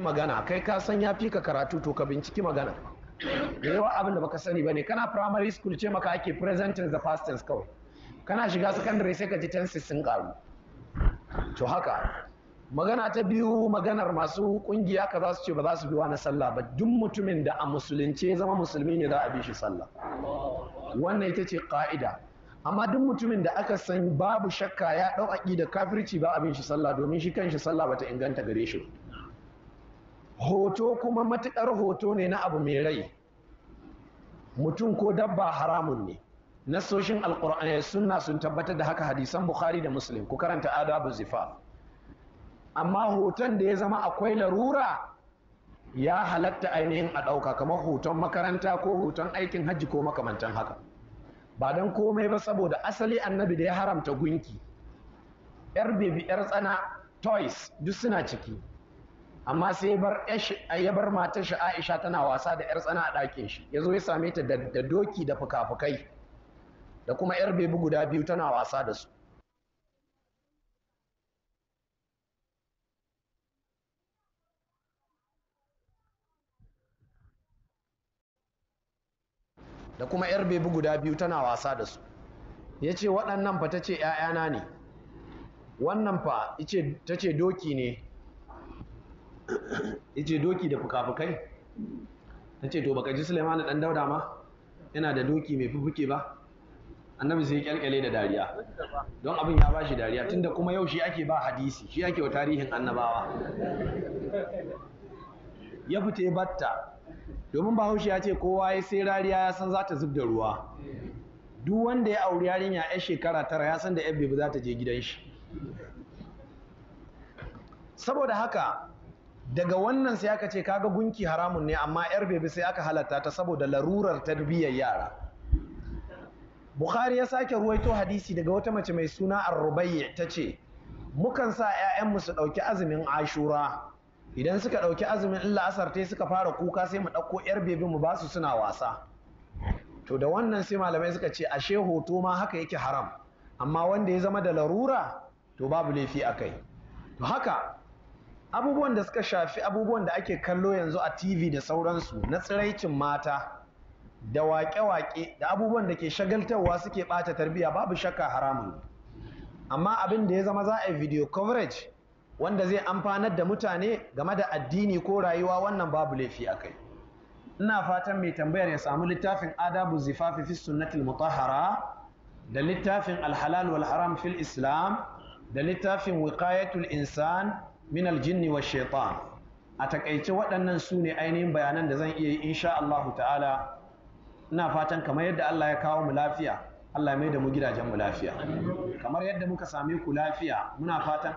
magana kai ka san ya fi ka karatu to ka binciki magana da yawa abin da baka sani bane kana primary school ce maka ake presenting the da past tense kawai kana shiga secondary sai ka ji tenses sun karu to haka magana ta biyu maganar masu kungiya ka za su ce ba za su bi na sallah ba duk mutumin da a musulunce zama musulmi ne za a bi shi sallah wannan ita ce ka'ida amma duk mutumin da aka san babu shakka ya dau aƙi da kafirci ba a bin shi sallah domin shi kan shi sallah bata inganta gare shi hoto kuma matuƙar hoto ne na abu mai rai mutum ko dabba haramun ne nasoshin alƙur'ani sunna sun tabbatar da haka hadisan bukhari da muslim ku karanta adabu zifa amma hoton da ya zama akwai larura ya halatta ainihin a ɗauka kamar hoton makaranta ko hoton aikin hajji ko makamantan haka ba don komai ba saboda asali annabi da ya haramta gunki yar bebi yar tsana toys duk suna ciki amma sai ya bar matar shi Aisha tana wasa da yar tsana a ɗakin shi ya zo ya same ta da doki da fuka-fukai da kuma yar bebi guda biyu tana wasa da su da kuma yar bebi guda biyu tana wasa da su ya ce waɗannan fa ta ce ‘ya'yana ne wannan fa ta ce doki ne ya ce doki da fukafukai. fukai ce to baka ji suleiman dan dauda ma yana da doki mai fufuke ba annabi sai kyalkyale da dariya don abin ya bashi dariya tunda kuma yau shi ake ba hadisi shi ake wa tarihin annabawa ya fita batta domin bahaushe ya ce kowa ya sai rariya ya san za ta zub da ruwa duk wanda ya auri yarinya ya shekara tara ya san da yar bebe za ta je gidan shi saboda haka daga wannan sai aka ce kaga gunki haramun ne amma yar bebi sai aka halatta ta saboda larurar tarbiyyar yara Bukhari ya sake ruwaito hadisi daga wata mace mai suna ar ta ce mukan sa ƴaƴanmu su ɗauki azumin Ashura idan suka ɗauki azumin in asar ta suka fara kuka sai mu ɗauko yar bebe mu su suna wasa to da wannan sai malamai suka ce ashe hoto ma haka yake haram amma wanda ya zama da larura to babu laifi a kai, to haka abubuwan da suka shafi abubuwan da ake kallo yanzu a TV da sauransu na tsiraicin mata da waƙe-waƙe da abubuwan da ke shagaltarwa suke ɓata tarbiyya babu shakka haramun amma abin da ya zama za a yi video coverage wanda zai amfanar da mutane game da addini ko rayuwa wannan babu laifi a kai ina fatan mai tambayar ya samu littafin adabu zifafi fi sunnatil mutahara da littafin alhalal wal haram fil islam da littafin wiqayatul insan min aljinni wa shaitan a takaice waɗannan su ne ainihin bayanan da zan iya yi insha Allahu ta'ala ina fatan kamar yadda Allah ya kawo mu lafiya Allah ya mai da mu gidajen mu lafiya kamar yadda muka same ku lafiya muna fatan